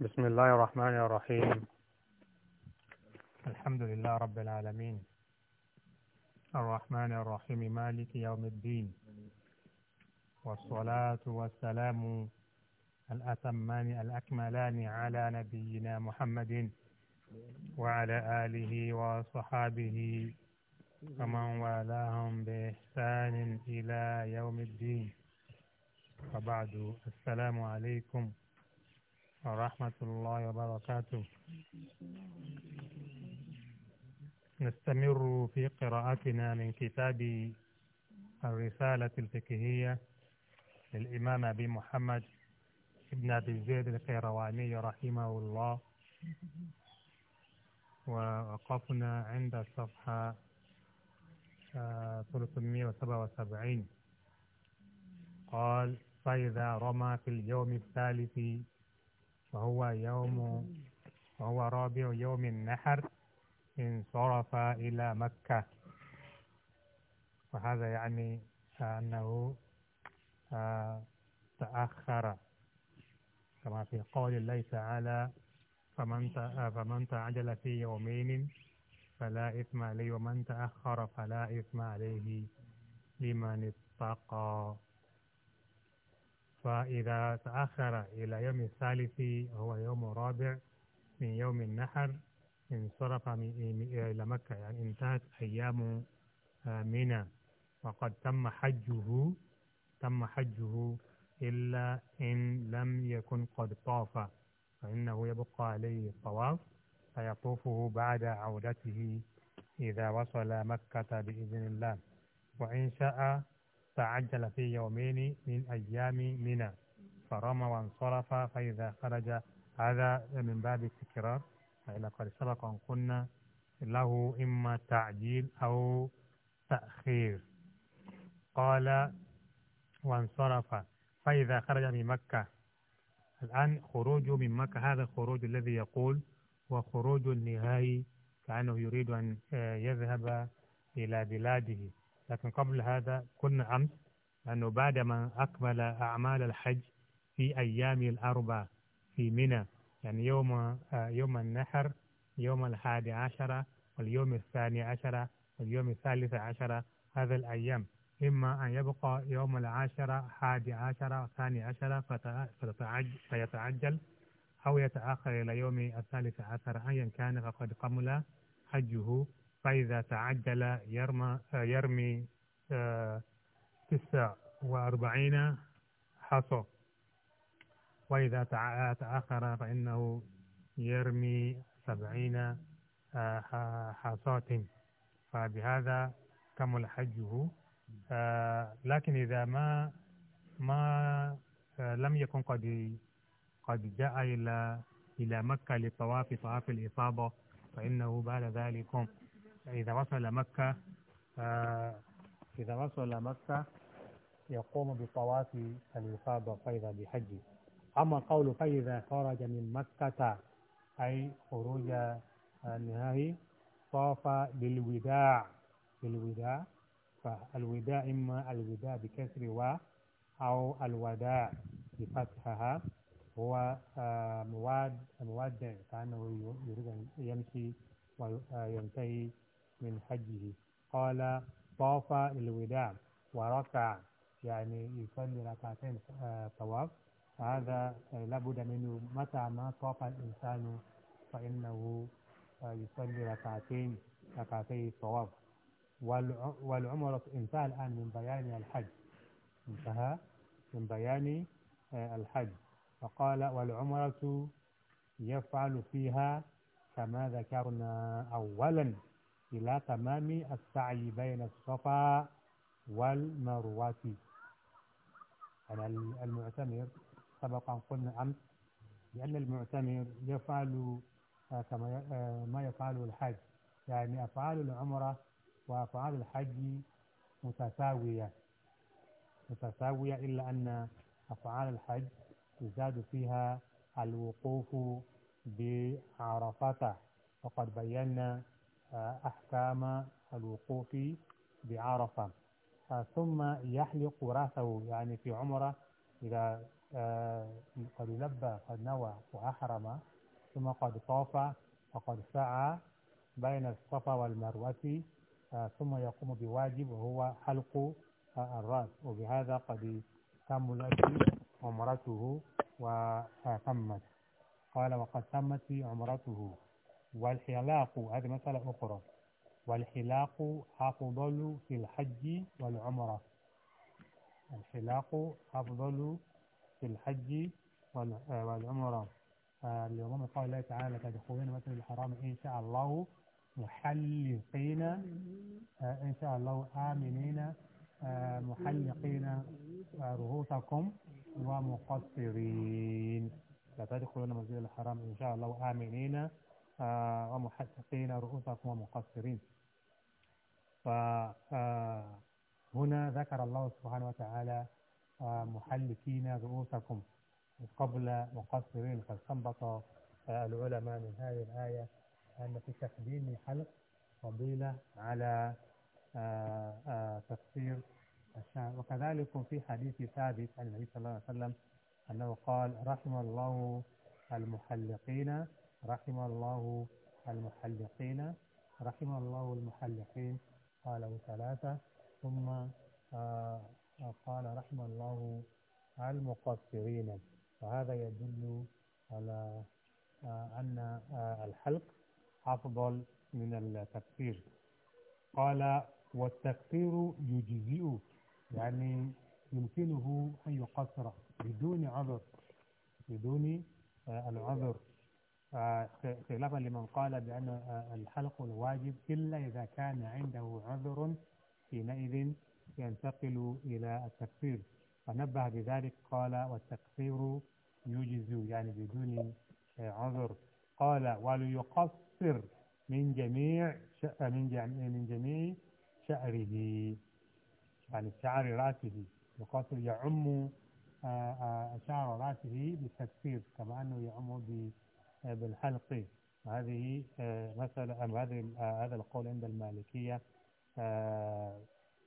بسم الله الرحمن الرحيم الحمد لله رب العالمين الرحمن الرحيم مالك يوم الدين والصلاة والسلام الأتمان الأكملان على نبينا محمد وعلى آله وصحابه ومن والاهم بإحسان إلى يوم الدين وبعد السلام عليكم ورحمة الله وبركاته نستمر في قراءتنا من كتاب الرسالة الفقهية للإمام أبي محمد ابن أبي زيد القيرواني رحمه الله ووقفنا عند الصفحة 377 قال فإذا رمى في اليوم الثالث وهو يوم وهو رابع يوم النحر انصرف إلى مكة وهذا يعني أنه آه، تأخر كما في قول الله تعالى فمن آه، فمن تعجل في يومين فلا إثم عليه ومن تأخر فلا إثم عليه لمن اتقى فإذا تأخر إلى يوم الثالث هو يوم رابع من يوم النحر انصرف إلى مكة يعني انتهت أيام آه، منى وقد تم حجه تم حجه إلا إن لم يكن قد طاف فإنه يبقى عليه الطواف فيطوفه بعد عودته إذا وصل مكة بإذن الله وإن شاء فعجل في يومين من أيام منى فرمى وانصرف فإذا خرج هذا من باب التكرار فإلى قد سبق أن قلنا له إما تعجيل أو تأخير قال وانصرف فإذا خرج من مكة الآن خروجه من مكة هذا الخروج الذي يقول وخروج النهائي كأنه يريد أن آه، يذهب إلى بلاده لكن قبل هذا كنا أمس أنه بعدما أكمل أعمال الحج في أيام الأربع في منى يعني يوم آه، يوم النحر يوم الحادي عشر واليوم الثاني عشر واليوم الثالث عشر هذا الأيام إما أن يبقى يوم العاشرة حادي عشرة ثاني عشرة فيتعجل أو يتأخر إلى يوم الثالث عشر أيا كان فقد قمل حجه فإذا تعدل يرمى يرمي آه، تسع وأربعين حصى وإذا تأخر فإنه يرمي سبعين آه، حصات فبهذا كمل حجه آه، لكن إذا ما ما لم يكن قد قد جاء إلى إلى مكة للطواف طواف الإصابة فإنه بعد ذلك إذا وصل مكة آه، إذا وصل مكة يقوم بطواف الإفاضة فإذا بحجه أما قول فإذا خرج من مكة أي خروج آه، النهائي طاف بالوداع بالوداع فالوداع إما الوداع بكسر و أو الوداع بفتحها هو آه، مواد مواد كأنه يريد أن يمشي وينتهي من حجه قال طاف الوداع وركع يعني يصلي ركعتين آه، طواف هذا لابد منه متى ما طاف الإنسان فإنه آه، يصلي ركعتين ركعتي الطواف والعمرة انتهى الآن من بيان الحج انتهى من بيان آه، الحج فقال والعمرة يفعل فيها كما ذكرنا أولا إلى تمام السعي بين الصفا والمروة أنا المعتمر سبقا قلنا أمس لأن المعتمر يفعل آه، كما آه، ما يفعله الحج يعني أفعال العمرة وأفعال الحج متساوية متساوية إلا أن أفعال الحج يزاد فيها الوقوف بعرفته وقد بينا أحكام الوقوف بعرفة آه، ثم يحلق رأسه يعني في عمره إذا آه، قد لبى قد نوى وأحرم ثم قد طاف وقد سعى بين الصفا والمروة آه، ثم يقوم بواجب وهو حلق الرأس وبهذا قد كملت عمرته وتمت قال وقد تمت عمرته والحلاق هذه مسألة أخرى والحلاق أفضل في الحج والعمرة الحلاق أفضل في الحج آه، والعمرة اليوم قال الله تعالى تدخلون مثل الحرام إن شاء الله محلقين آه، إن شاء الله آمنين آه، محلقين رؤوسكم ومقصرين تدخلون مسجد الحرام إن شاء الله آمنين ومحلقين رؤوسكم ومقصرين فهنا آه، ذكر الله سبحانه وتعالى آه، محلكين رؤوسكم قبل مقصرين فاستنبط آه، العلماء من هذه الآية أن في تقديم حلق فضيلة على تقصير الشعر وكذلك في حديث ثابت عن النبي صلى الله عليه وسلم أنه قال رحم الله المحلقين رحم الله المحلقين رحم الله المحلقين قالوا ثلاثة ثم آه، آه، قال رحم الله المقصرين وهذا يدل على آه، أن الحلق أفضل من التكفير قال والتكفير يجزئ يعني يمكنه أن يقصر بدون عذر بدون العذر خلافا لمن قال بأن الحلق الواجب إلا إذا كان عنده عذر حينئذ ينتقل إلى التكفير فنبه بذلك قال والتكفير يجز يعني بدون عذر قال وليقصر من جميع من جميع من جميع شعره يعني شعر راسه يقصر يعم آه، آه، شعر راسه بالتكفير كما أنه يعم بالحلق هذه آه، مثلا أم آه، هذه آه، هذا القول عند المالكية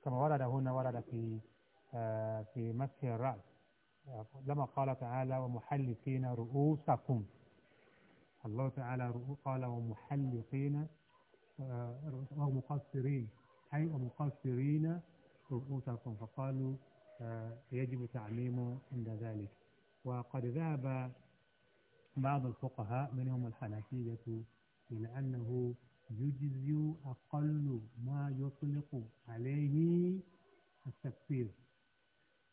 كما ورد هنا ورد في في مسح الرأس لما قال تعالى ومحلقين رؤوسكم الله تعالى قال ومحلقين ومقصرين أي ومقصرين رؤوسكم فقالوا يجب تعميمه عند ذلك وقد ذهب بعض الفقهاء منهم الحنفية إلى أنه يجزي أقل ما يطلق عليه التكفير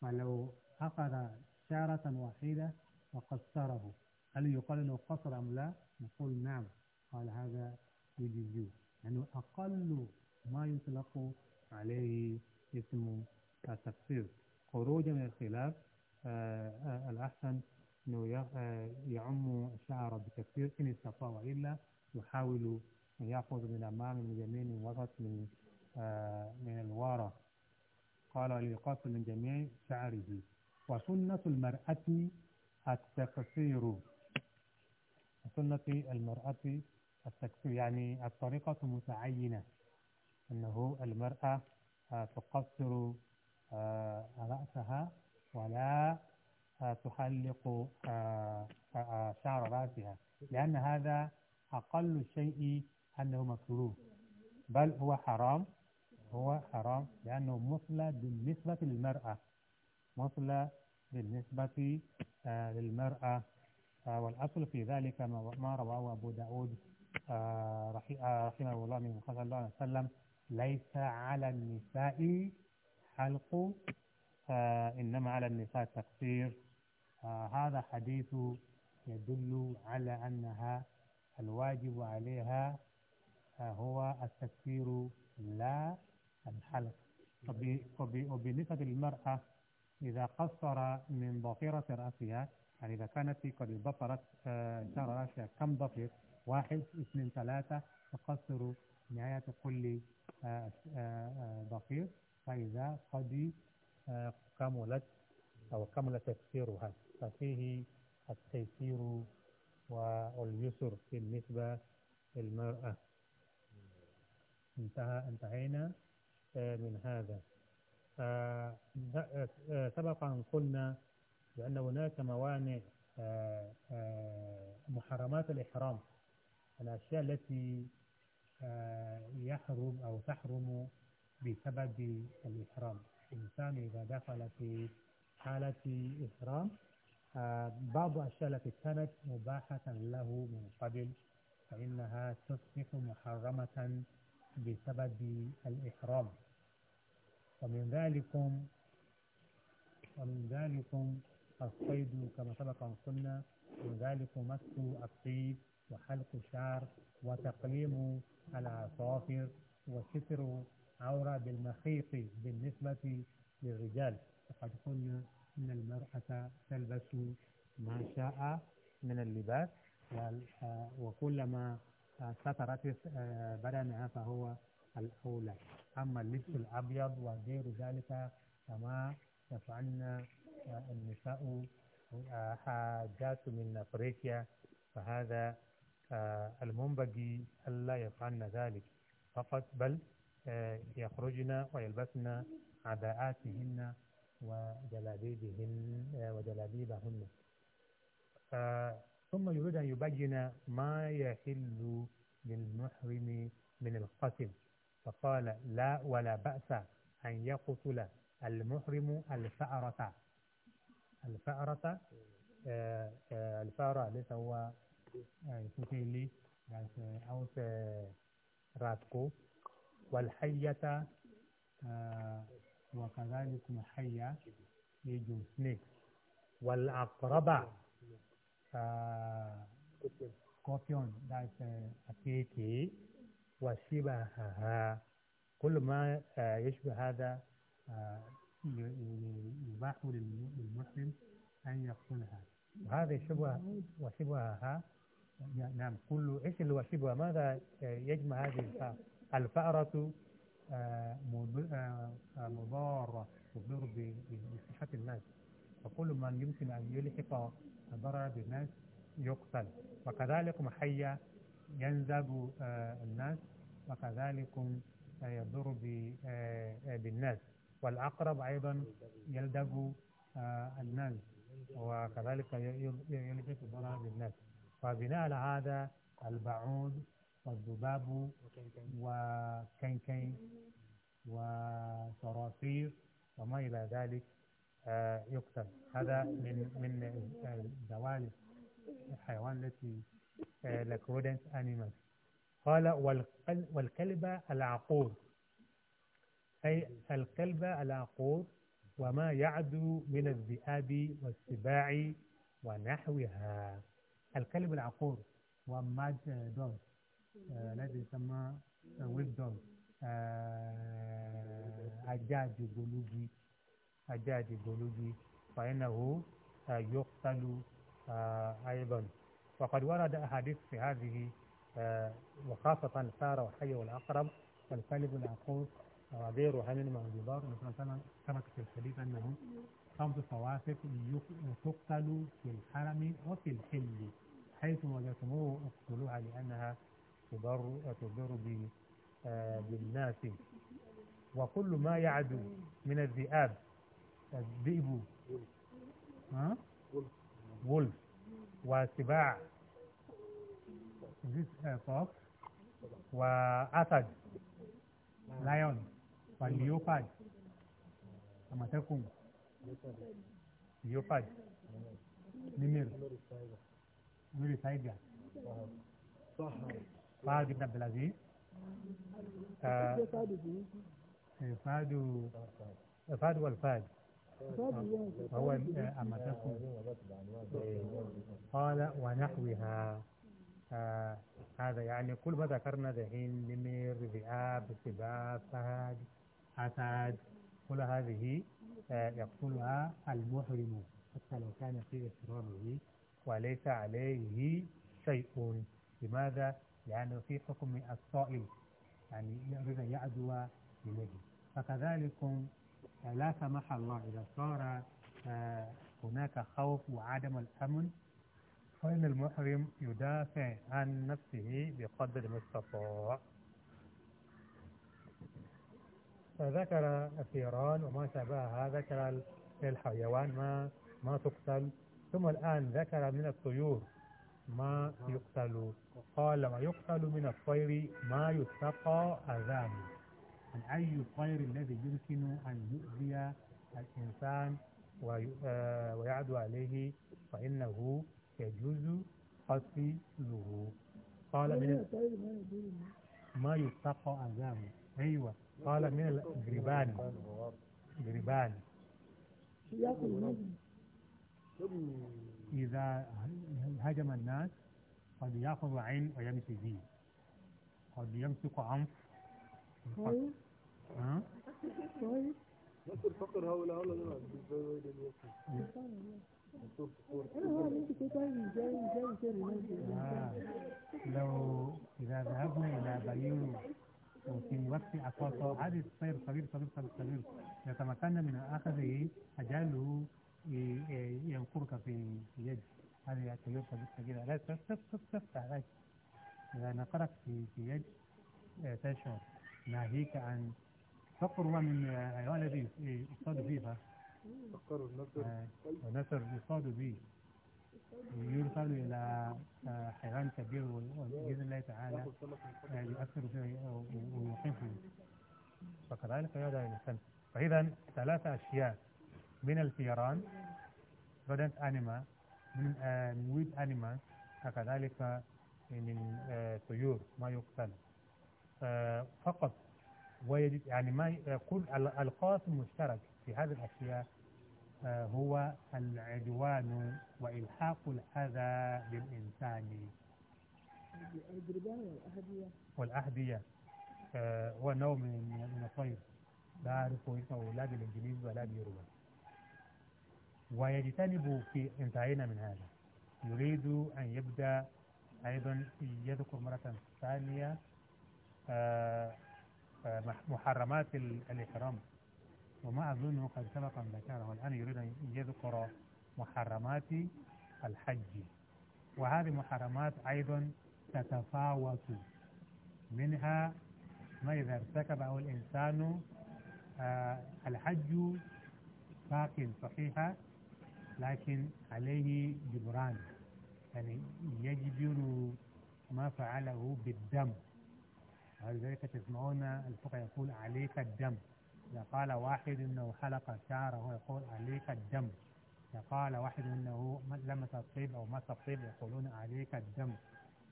فلو أخذ شارة واحدة وقصره هل يقال أنه قصر أم لا؟ نقول نعم قال هذا يجزي يعني أقل ما يطلق عليه اسم التكفير خروجا من الخلاف آه آه الأحسن أنه يعم شعره بكثير إن استطاع وإلا يحاول أن يأخذ من أمام من يمين من وسط من آه، من الوارى قال ليقص من جميع شعره وسنة المرأة التقصير سنة المرأة التكفير يعني الطريقة متعينة أنه المرأة تقصر آه، رأسها ولا تحلق آه، آه، شعر رأسها لأن هذا أقل شيء أنه مكروه بل هو حرام هو حرام لأنه مثلى بالنسبة للمرأة مثلى بالنسبة آه، للمرأة والأصل في ذلك ما رواه أبو داود رحمه الله من صلى الله عليه وسلم ليس على النساء حلق إنما على النساء تقصير هذا حديث يدل على أنها الواجب عليها آه، هو التكفير لا الحلق وبالنسبة للمرأة إذا قصر من ضفيرة رأسها يعني إذا كانت قد ضفرت آه، شعر رأسها كم ضفر واحد اثنين ثلاثة تقصر نهاية كل ضفير آه، فإذا قد كملت أو كمل تكسيرها ففيه التيسير واليسر بالنسبة للمرأة انتهى انتهينا آه، من هذا آه، آه، سبق أن قلنا بأن هناك موانع محرمات الإحرام الأشياء التي يحرم أو تحرم بسبب الإحرام الإنسان إذا دخل في حالة إحرام بعض الأشياء التي كانت مباحة له من قبل فإنها تصبح محرمة بسبب الإحرام ومن ذلكم ومن ذلكم الصيد كما سبق أن قلنا من ذلك مس الطيب وحلق الشعر وتقليم العصافر وستر عورة بالمخيط بالنسبة للرجال فقد قلنا أن المرأة تلبس ما شاء من اللباس وكلما سترت آه، بدنها فهو الأولى أما اللبس الأبيض وغير ذلك فما يفعلن آه، النساء آه، حاجات من أفريقيا فهذا المنبغي ألا يفعلن ذلك فقط بل يخرجن ويلبسن عباءاتهن وجلابيبهن آه، وجلابيبهن آه، ثم يريد أن يبين ما يحل للمحرم من القتل فقال لا ولا بأس أن يقتل المحرم الفأرة الفأرة آه، الفأرة ليس هو سوكيلي يعني، أو راتكو والحية وكذلك محيا يجوز لك والعقربة كوبيون that is وشبهها كل ما يشبه هذا آه، يباح للمسلم أن يقتلها وهذه الشبهة وشبهها نعم كل ايش اللي هو ماذا يجمع هذه الفأرة مضار تضر بصحة الناس فكل من يمكن أن يلحق ضرر بالناس يقتل وكذلك محيا ينزب آه، الناس وكذلك يضر آه، بالناس والعقرب أيضا يلدب آه، الناس وكذلك يلحق ضرر بالناس فبناء على هذا البعوض والذباب وكنكن وصراصير وما إلى ذلك آه، يقتل هذا من من زوال الحيوان التي لكرودنت آه، أنيمال قال والكلب العقور أي الكلب العقور وما يعدو من الذئاب والسباع ونحوها الكلب العقور وماد دوز نادي آه، يسمى ويلدون ajá آه، بولوجي ajá بولوجي فإنه آه، يقتل أيضا وقد ورد أحاديث في هذه وخاصة الثار والحي والأقرب والكلب العقوق وغيرها من الجبار مثلا كما في الحديث أنه خمس فواسق تقتل في الحرم وفي الحل حيث وجدتموه اقتلوها لأنها تضر تضر آه، بالناس وكل ما يعدو من الذئاب الذئب ها ولف وسباع فوكس آه، وأسد لايون والليوبارد أما تكون ليوبارد نمير نمير تايجر صحيح فهد بن عبد العزيز فهد فهد والفهد هو آه، أما تكون قال ونحوها آه هذا يعني كل ما ذكرنا ذهين نمر ذئاب سباع فهد أسد كل هذه آه يقتلها المحرم حتى لو كان في إحرامه وليس عليه شيء لماذا؟ لأنه في حكم الصائم يعني يريد أن يعدو إليه فكذلك لا سمح الله إذا صار آه، هناك خوف وعدم الأمن فإن المحرم يدافع عن نفسه بقدر المستطاع فذكر الثيران وما شابهها ذكر الحيوان ما ما تقتل ثم الآن ذكر من الطيور ما يقتل قال ويقتل من الطير ما يتقى أذان من أي الطير الذي يمكن أن يؤذي الإنسان آه، ويعدو عليه فإنه يجوز قتله قال من ما يتقى أذان أيوة قال من الجربان جربان إذا هجم الناس قد يأخذ عين ويمشي به قد يمسك عنف ها؟ نفس الفقر هؤلاء هؤلاء لو إذا ذهبنا إلى بيرو وفي وقت أقوى هذه الصير صغير صغير صغير صغير لتمكنا من أخذه أجاله ينقرك في يد هذا يتمشى بك كده لا تفتح لك إذا نقرك في في يد آه، تشعر ناهيك عن فقر من الحيوان آه، أيوة، الذي يصطاد فيه فقر والنسر آه، والنسر يصطاد به يرسل إلى حيوان كبير باذن الله تعالى يؤثر فيه فيه فكذلك الى الإنسان فإذا ثلاث أشياء من الفيران rodent animal من ويد آه، weed كذلك وكذلك آه، من آه، طيور ما يقتل فقط ويجد يعني ما كل القاسم المشترك في هذه الأشياء هو العدوان وإلحاق الأذى بالإنسان والأحذية والنوم من الطير لا أعرف اسمه لا بالإنجليزي ولا باليوروبا ويجتنب في انتهينا من هذا يريد أن يبدأ أيضا يذكر مرة ثانية آه، آه، محرمات الإحرام وما أظنه قد سبق أن ذكره الآن يريد أن يذكر محرمات الحج وهذه محرمات أيضا تتفاوت منها ما إذا ارتكبه الإنسان آه، الحج باق صحيحة لكن عليه جبران يعني يجبر ما فعله بالدم ولذلك تسمعون الفقه يقول عليك الدم إذا قال واحد أنه حلق شعره يقول عليك الدم إذا قال واحد أنه لمس الطيب أو مس الطيب يقولون عليك الدم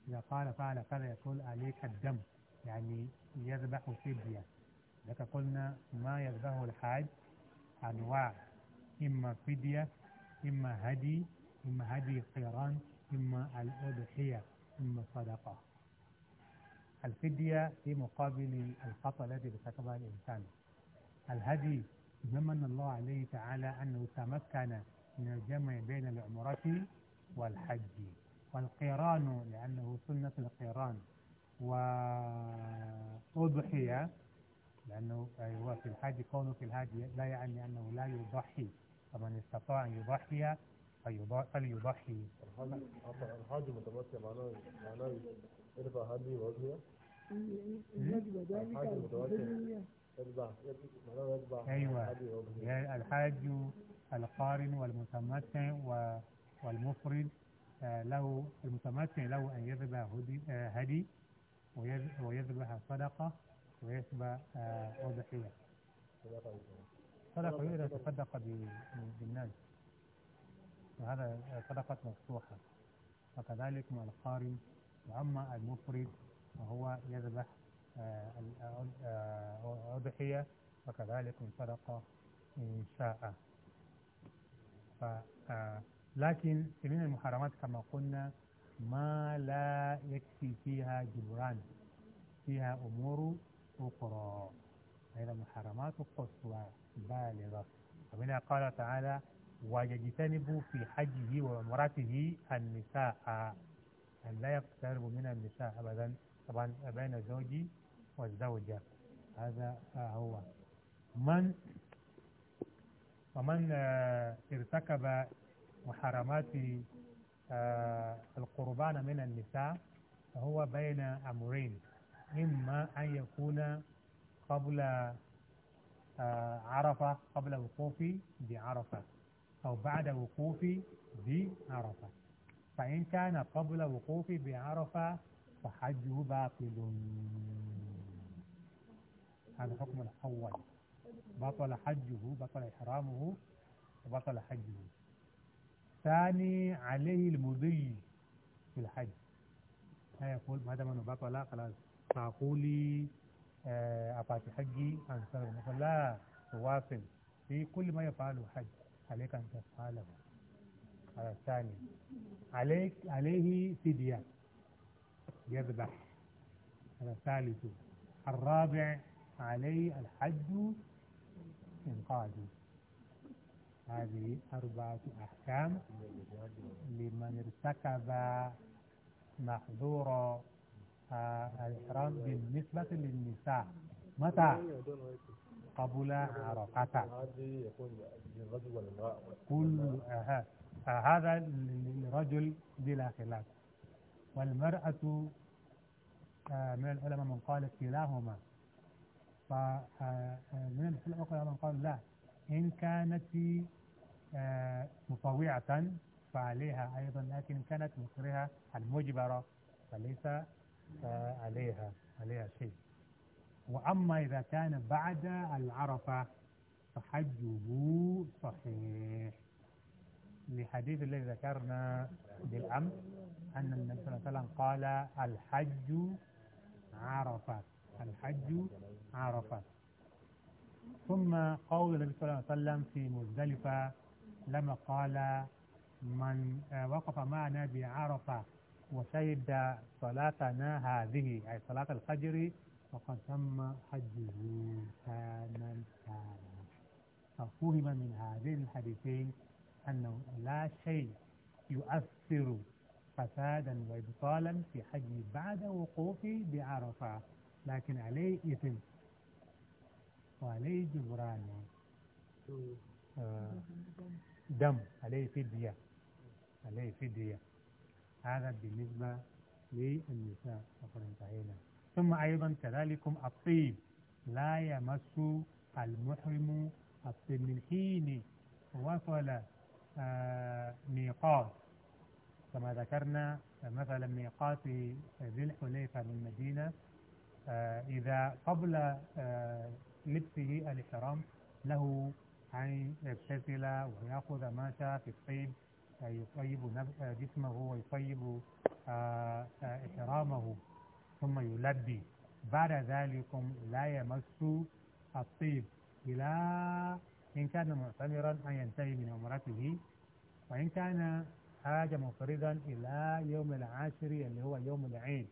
إذا قال فعل كذا يقول عليك الدم يعني يذبح فدية لك قلنا ما يذبحه الحاج أنواع إما فدية إما هدي إما هدي قيران إما الأضحية إما صدقة الفدية في مقابل الخطأ الذي ارتكبه الإنسان الهدي زمن الله عليه تعالى أنه تمكن من الجمع بين العمرة والحج والقيران لأنه سنة القيران وأضحية لأنه أيوة في الحج كونه في الهدي لا يعني أنه لا يضحي فمن استطاع أن يضحي فليضحي الحاجب متمسك معناه معناه ارفع هذه وجهه أمم، أمم؟ أيوة الحاج القارن والمتمتع والمفرد آه، له المتمتع له أن يذبح هدي آه، ويذبح صدقة ويذبح أضحية آه، صدقة يقدر يتصدق بالناس وهذا صدقة مفتوحة وكذلك مع القارن وأما المفرد وهو يذبح آه، آه، أضحية وكذلك من صدقة إن شاء آه، لكن في من المحرمات كما قلنا ما لا يكفي فيها جبران فيها أمور أخرى هي محرمات قصوى بالغة ومنها قال تعالى ويجتنب في حجه وعمرته النساء أن لا يقترب من النساء أبدا طبعا بين زوجي والزوجة هذا هو من ومن آه، ارتكب محرمات آه، القربان من النساء فهو بين أمرين إما أن يكون قبل آه، عرفة قبل وقوفي بعرفة أو بعد وقوفي بعرفة فإن كان قبل وقوفي بعرفة فحجه باطل هذا حكم الأول بطل حجه بطل إحرامه وبطل حجه ثاني عليه المضي في الحج لا يقول ما دام بطل خلاص فأقولي آه، أباك حجي عن سلم فلا تواصل في كل ما يفعله حج عليك أن تفعله على الثاني عليك عليه فدية يذبح هذا الثالث الرابع عليه الحج إنقاذ هذه أربعة أحكام لمن ارتكب محظورا الإحرام بالنسبة للنساء متى قبل عرقتها كل آه،, آه هذا للرجل بلا خلاف والمرأة آه من العلماء من قال كلاهما فمن آه، آه، العلماء من قال لا إن كانت آه مطوعة فعليها أيضا لكن كانت مكرهة المجبرة فليس عليها عليها شيء وأما إذا كان بعد العرفة فحجه صحيح لحديث الذي ذكرنا بالأمس أن النبي صلى الله عليه وسلم قال الحج عرفة الحج عرفة ثم قول النبي صلى الله عليه وسلم في مزدلفة لما قال من آه، وقف معنا بعرفة وشهد صلاتنا هذه أي صلاة الفجر وقد تم حجه كان كان ففهم من هذين الحديثين أنه لا شيء يؤثر فسادا وإبطالا في حجه بعد وقوفه بعرفة لكن عليه إثم وعليه جبران آه، دم عليه فدية عليه فدية هذا بالنسبة للنساء فقد انتهينا ثم أيضا كذلكم الطيب لا يمس المحرم الطيب من حين وصل آه، ميقات كما ذكرنا مثلا ميقات ذي الحليفة من المدينة آه، إذا قبل آه، لبسه الإحرام له أن يغتسل ويأخذ ما شاء في الطيب يطيب جسمه ويطيب آه، آه، إحرامه ثم يلبي بعد ذلك لا يمس الطيب إلى إن كان معتمرا أن ينتهي من عمرته وإن كان حاجة مفردا إلى يوم العاشر اللي هو يوم العيد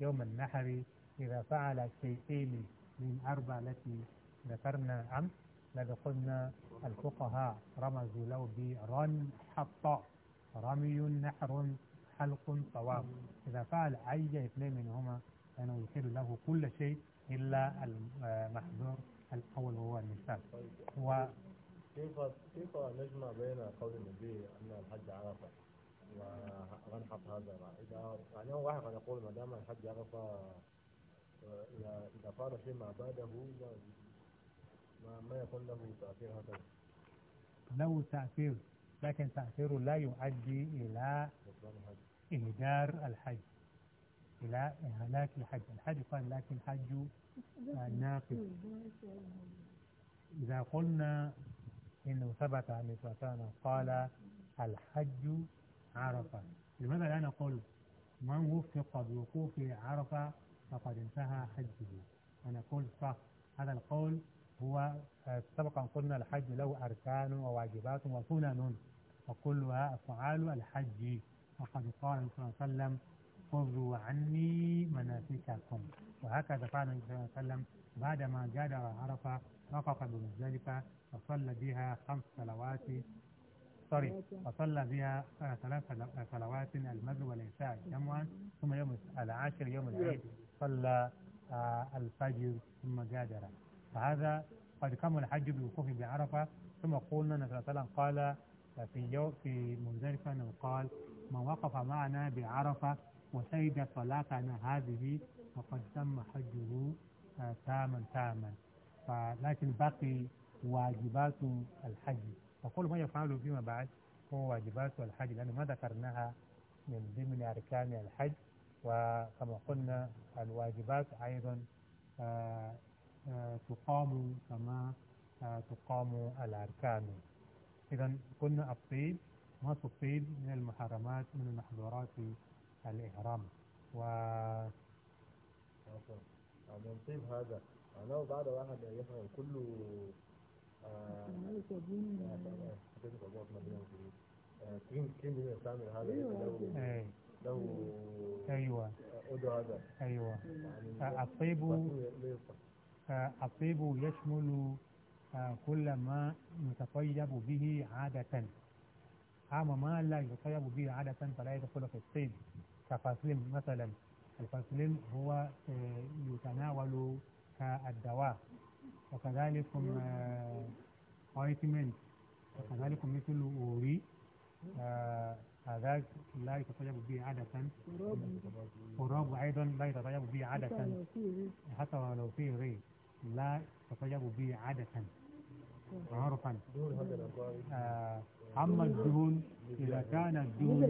يوم النحر إذا فعل شيئين من أربع التي ذكرنا أمس الذي قلنا الفقهاء رمزوا له برن حط رمي نحر حلق طواف إذا فعل أي اثنين منهما فإنه يحل له كل شيء إلا المحذور الأول هو النساء و كيف كيف نجمع بين قول النبي أن الحج عرفة ونحط هذا إذا يعني هو واحد قد يقول ما دام الحج عرفة إذا إذا فعل شيء ما بعده ما يكون له تأثير هكذا له تأثير لكن تأثيره لا يؤدي إلى إهدار الحج إلى إهلاك الحج الحج قال لكن حج ناقص إذا قلنا إنه ثبت عن النبي قال الحج عرفة لماذا لا نقول من وفق بوقوف عرفة فقد انتهى حجه ونقول صح هذا القول هو آه، سبقا قلنا الحج له أركان وواجبات وسنن وكلها أفعال الحج وقد قال صلى الله عليه وسلم خذوا عني مناسككم وهكذا فعل النبي صلى الله عليه وسلم بعدما جادر عرفة وقف بمزدلفة وصلى بها خمس صلوات سوري وصلى بها آه، ثلاث صلوات المغرب والعشاء جمعا ثم يوم العاشر يوم العيد صلى آه، الفجر ثم جادر فهذا قد كمل الحج بالوقوف بعرفة ثم قلنا أن صلى الله قال في يوم في مزدلفة قال من وقف معنا بعرفة وشهد صلاتنا هذه فقد تم حجه آه، تاما تاما لكن باقي واجبات الحج فكل ما يفعله فيما بعد هو واجبات الحج لأن ما ذكرناها من ضمن أركان الحج وكما قلنا الواجبات أيضا آه، تقام كما تقام الأركان إذا قلنا الطيب ما الطيب من المحرمات من المحظورات الإحرام و من يعني طيب هذا أنا يعني بعد واحد يفهم كله آه، ايوه ايوه ايوه هذا لو ايوه ايوه فالطيب يشمل آه، كل ما يتطيب به عادة أما ما لا يتطيب به عادة فلا يدخل في الطيب كفاسلين مثلا الفاسلين هو آه، يتناول كالدواء وكذلك اويتمنت آه، وكذلك مثل اوري هذا لا يتطيب به عادة قراب أيضا لا يتطيب به عادة حتى ولو فيه غير لا يتطيب به عادة عرفا آه، أما الدهون إذا كان الدهون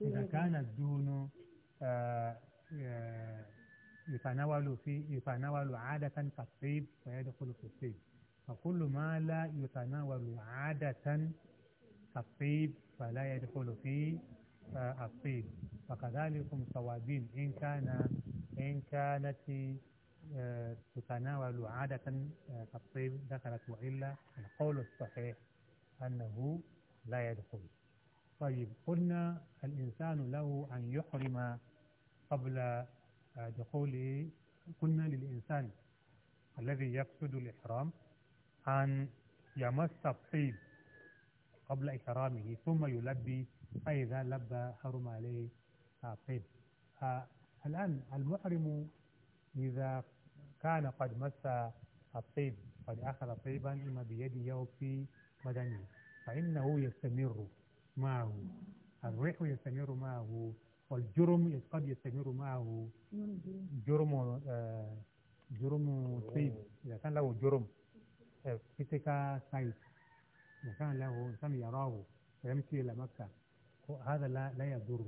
إذا كان الدهون آه، آه، يتناول في يتناول عادة كالطيب فيدخل في الطيب فكل ما لا يتناول عادة كالطيب فلا يدخل في الطيب فكذلك الصوابين إن كان إن كانت آه، تتناول عادة الطيب آه، دخلت وإلا القول الصحيح أنه لا يدخل طيب قلنا الإنسان له أن يحرم قبل آه، دخوله قلنا للإنسان الذي يقصد الإحرام أن يمس الطيب قبل إحرامه ثم يلبي فإذا لبى حرم عليه الطيب الآن المحرم إذا كان قد مس الطيب قد أخذ طيبا إما بيده أو في بدنه فإنه يستمر معه الريح يستمر معه والجرم قد يستمر معه جرم آه، جرم طيب إذا كان له جرم فيزيكا آه، سايت إذا كان له إنسان يراه ويمشي إلى مكة هذا لا لا يضر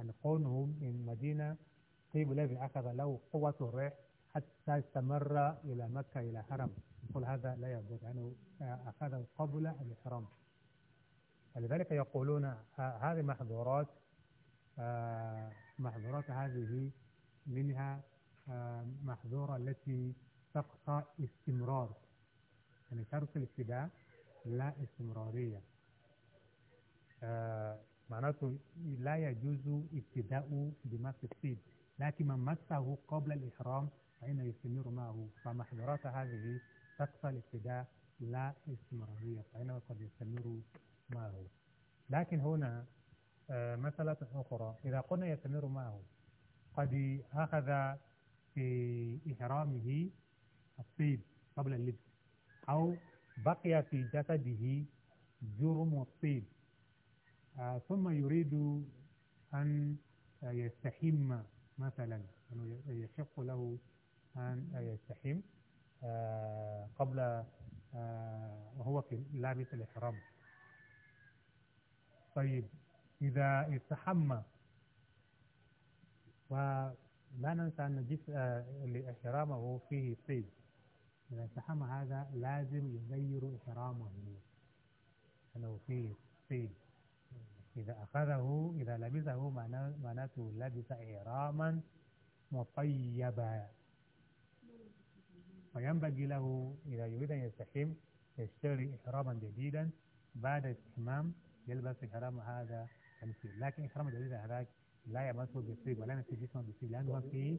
أن كونهم من مدينة الطيب الذي أخذ له قوة الريح حتى استمر إلى مكة إلى حرم يقول هذا لا يجوز لأنه يعني أخذ قبل الإحرام فلذلك يقولون آه، هذه محظورات آه، محظورات هذه منها آه، محظورة التي تقطع استمرار يعني شرط الابتداء لا استمرارية معناته لا يجوز ابتداء بما في الصيد لكن من مسه قبل الإحرام فإنه يستمر معه فمحظورات هذه تقصى الابتداء لا استمرارية فإنه قد يستمر معه لكن هنا آه، مسألة أخرى إذا قلنا يستمر معه قد أخذ في إحرامه الطيب قبل اللبس أو بقي في جسده جرم الطيب آه، ثم يريد أن يستحم مثلا أنه يحق له أن يستحم آه، قبل آه، وهو لابس الإحرام طيب إذا استحم ولا ننسى أن جزء آه، لإحرامه فيه صيد إذا استحم هذا لازم يغير إحرامه أنه فيه صيد إذا أخذه إذا لبسه معناته لبس إحراما مطيبا وينبغي له إذا يريد أن يستحم يشتري إحراما جديدا بعد الاستحمام يلبس إحرام هذا المسلم لكن إحرام جديد هذاك لا يمسه بالطيب ولا يمسه جسمه بالطيب لأنه في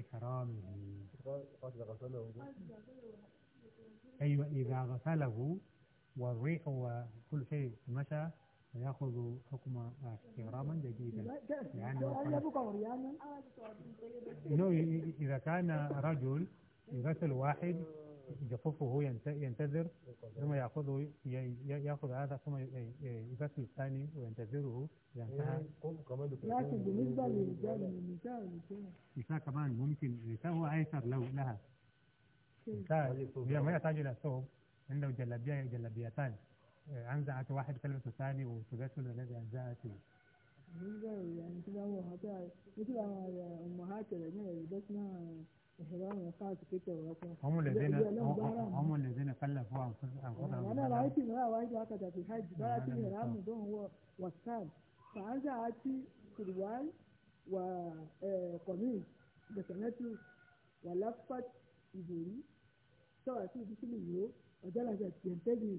إحرامه أيوة إذا غسله والريح وكل شيء مشى فيأخذ حكم استغراما جديدا يعني إنه إذا كان رجل يغسل واحد يخفه ينتظر ثم يأخذه يأخذ هذا ثم يغسل الثاني وينتظره إذا إيه، لكن بالنسبة للرجال والنساء النساء كمان ممكن النساء هو أيسر لو لها طيب، هي ما طيب. يحتاج إلى ثوب عنده جلابية جلابيتان أنزعت واحد كلمة الثاني وتباشر الذي أنزعته يعني كده هو مثل أمهات هم الذين هم الذين كلفوا انفسهم انا رايت امراه واحد وقت في حج بعد الهرام دون هو وسام فانزعت سروال وقميص آه، دفنته ولفت يدوري سوى في بسم الله وجلست ينتجي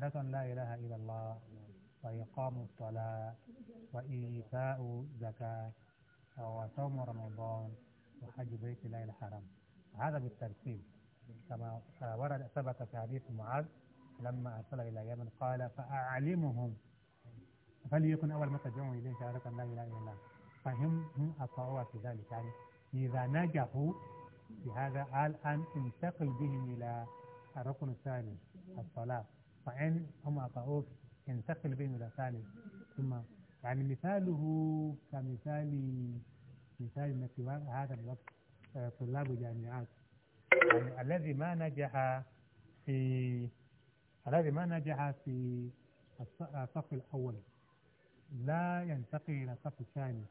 شهادة لا إله إلا الله وإقام الصلاة وإيتاء الزكاة وصوم رمضان وحج بيت الله الحرام هذا بالترتيب كما ورد ثبت في حديث معاذ لما أرسل إلى اليمن قال فأعلمهم فليكن أول ما تدعون إليه شهادة لا إله إلا الله فهم هم أطاعوا في ذلك يعني إذا نجحوا في هذا قال أن انتقل بهم إلى الركن الثاني الصلاة فإن هم أطاعوك ينتقل بين الأفعال ثم يعني مثاله كمثال مثال مثل هذا الوقت آه، طلاب الجامعات يعني الذي ما نجح في الذي ما نجح في الصف الأول لا ينتقل إلى الصف الثاني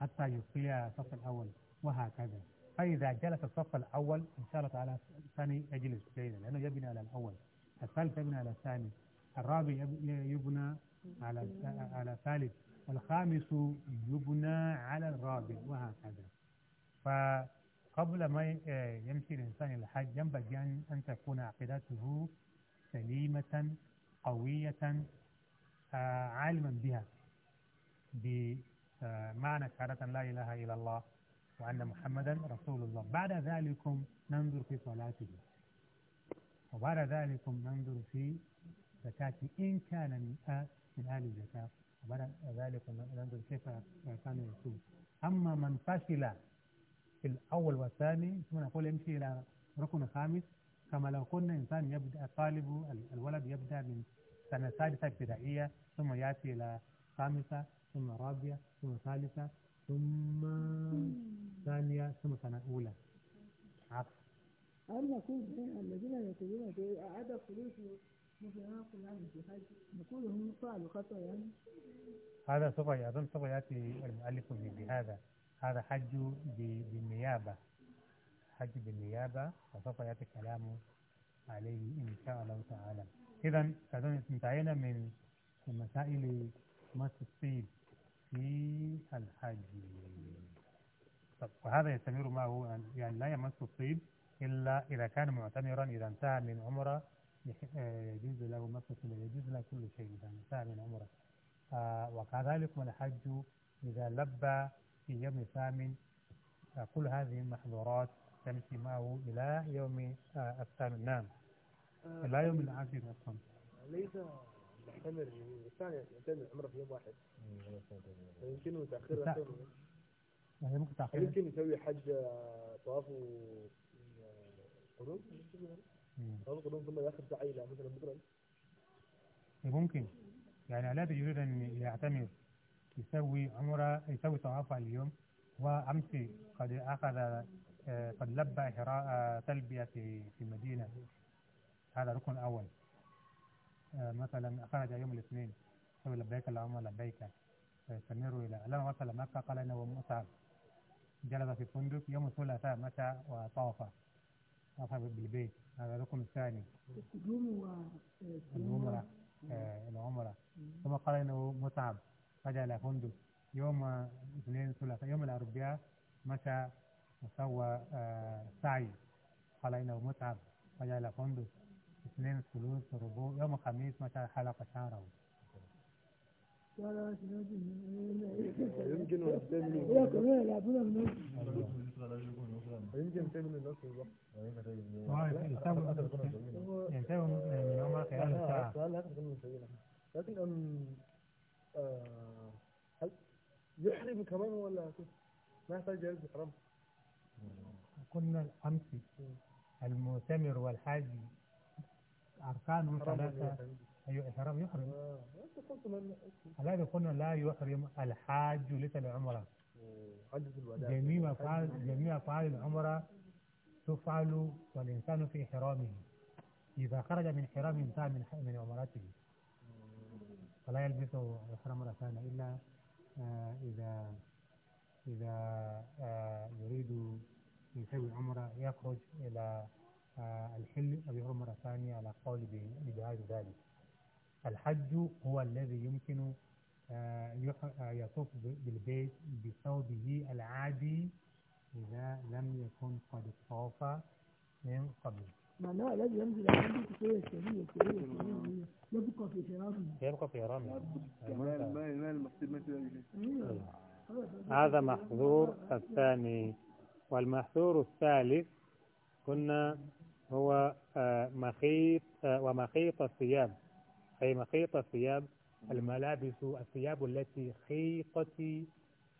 حتى يبقي الصف الأول وهكذا فإذا جلس الصف الأول إن شاء الله تعالى الثاني يجلس جيدا لأنه يبني على الأول الثالث يبنى على الثاني الرابع يبنى على على الثالث الخامس يبنى على الرابع وهكذا فقبل ما آه، يمشي الإنسان إلى الحج ينبغي أن تكون عقيدته سليمة قوية آه، عالما بها بمعنى آه، شهادة لا إله إلا الله وأن محمدا رسول الله بعد ذلك ننظر في صلاته وبعد ذلك ننظر في زكاة إن كان من من أهل الزكاة وبعد ذلك ننظر كيف كان يصوم أما من فشل في الأول والثاني ثم نقول امشي إلى ركن خامس كما لو كنا إنسان يبدأ طالب الولد يبدأ من سنة ثالثة ابتدائية ثم يأتي إلى خامسة ثم رابعة ثم ثالثة ثم ثانية ثم سنة أولى عكس هل نقول من الذين يقولون بأعادة خلوص يعني عن الجهاد نقول هم فعلوا خطأ يعني هذا سوف أظن سوف يأتي المؤلف بهذا هذا حج بالنيابة حج بالنيابة وسوف يأتي كلام عليه إن شاء الله تعالى إذا أظن انتهينا من مسائل ما تصيب في الحج طب وهذا يستمر معه يعني لا يمس الطيب إلا إذا كان معتمرا إذا انتهى من عمره آه، يجوز له مكة يجوز له كل شيء إذا انتهى من عمره آه، وكذلك الحج إذا لبى في يوم ثامن آه، كل هذه المحظورات تمشي معه إلى يوم الثامن نعم إلى يوم العاشر أصلا ليس يعتمر الثاني يعتمر عمره في يوم واحد يمكنه تأخير يمكن تأخير يمكن يسوي حج طواف ثم مثلا بكرة ممكن يعني لا يريد أن يعتمر يسوي عمره يسوي طواف اليوم وأمس قد أخذ آه، قد لبى شراء تلبية في في المدينة هذا ركن أول آه، مثلا خرج يوم الاثنين يقول لبيك اللهم لبيك استمروا آه، إلى لما وصل مكة قال إنه متعب جلس في الفندق يوم الثلاثاء مشى وطاف مرحبا بالبيت هذا الرقم الثاني العمرة آه العمرة ثم قال انه متعب رجع الى فندق يوم اثنين ثلاثاء يوم الاربعاء مشى وسوى آه، سعي قال انه متعب رجع الى فندق اثنين ثلاثة ربوع يوم الخميس مشى حلق شعره يمكن يمكن لكن هل يحرم كمان ولا ما يحتاج جهاز إحرام؟ قلنا الأمس المؤتمر والحاج أركانهم ثلاثة أيوة إحرام يحرم لا آه، قلنا لا يحرم الحاج ليس العمرة آه، جميع أفعال جميع أفعال العمرة تفعل والإنسان في إحرامه إذا خرج من إحرام انتهى من من عمرته آه. فلا يلبسه إحرام مرة ثانية إلا آه إذا إذا آه يريد يسوي العمرة يخرج إلى الحل أو يحرم مرة ثانية على قول بجهاز ذلك. الحج هو الذي يمكن آه، آه، يطوف بالبيت بثوبه العادي إذا لم يكن قد طاف من قبل معناه الذي ينزل عنده كثير كثير كثير يبقى في حرامه يبقى في حرامه أيوة. هذا محظور الثاني والمحظور الثالث كنا هو آه، مخيط ومخيط الثياب أي مخيط الثياب الملابس الثياب التي خيطت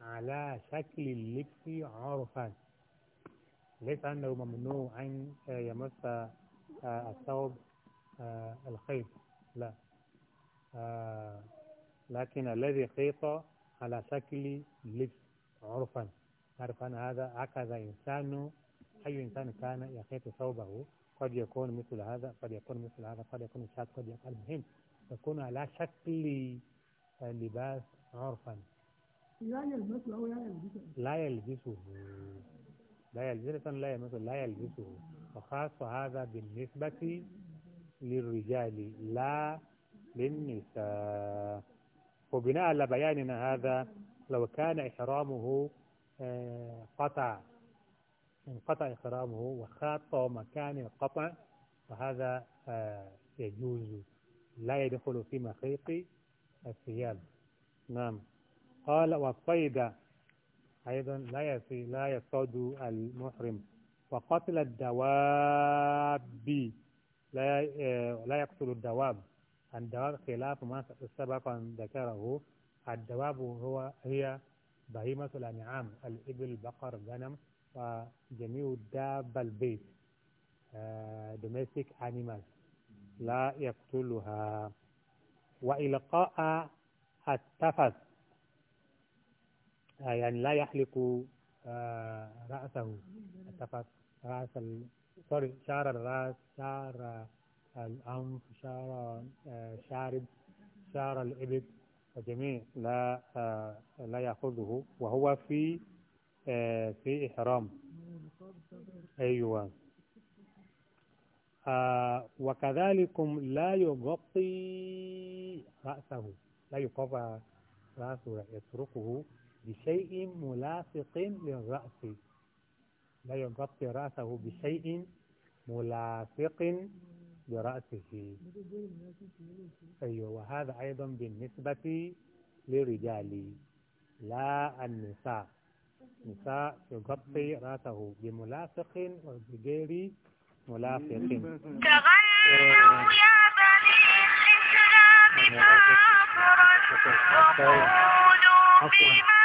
على شكل اللبس عرفا ليس أنه ممنوع أن يمس آه، الثوب آه، الخيط لا آه، لكن الذي خيط على شكل لبس عرفا عرفا هذا هكذا إنسان أي إنسان كان يخيط ثوبه قد يكون مثل هذا قد يكون مثل هذا قد يكون شاب قد يكون المهم تكون على شكل لباس عرفا لا يلبسه لا يلبسه لا يلبسه لا يلبسه لا يلبسه لا يلبسه وخاص هذا بالنسبة للرجال لا للنساء وبناء على بياننا هذا لو كان إحرامه آه، قطع انقطع إحرامه وخاط مكان القطع فهذا آه، يجوز لا يدخل في مخيط الثياب نعم قال والصيد أيضا لا لا يصطاد المحرم وقتل الدواب لا لا يقتل الدواب الدواب خلاف ما سبق أن ذكره الدواب هو هي بهيمة الأنعام الإبل البقر الغنم وجميع داب البيت آه، domestic animals لا يقتلها وإلقاء التفت آه، يعني لا يحلق آه، رأسه التفت رأس ال... سوري شعر الرأس شعر آه، الأنف شعر شارب شعر الإبط وجميع لا لا يأخذه وهو في في إحرام أيوه وكذلكم لا يغطي رأسه لا يقفى رأسه يتركه بشيء ملاصق للرأس لا يغطي رأسه بشيء ملاصق برأسه أيوة وهذا أيضا بالنسبة للرجال لا النساء نساء يغطي رأسه بملاصق وبغير ولا فقه تغيروا يا بني الإسلام ما فرد وقولوا بما